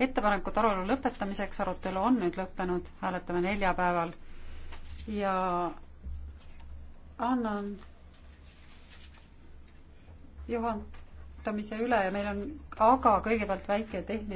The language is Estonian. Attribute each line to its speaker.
Speaker 1: ettepanekut arutelu lõpetamiseks, arutelu on nüüd lõppenud, hääletame neljapäeval ja annan juhatamise üle ja meil on aga kõigepealt väike tehniline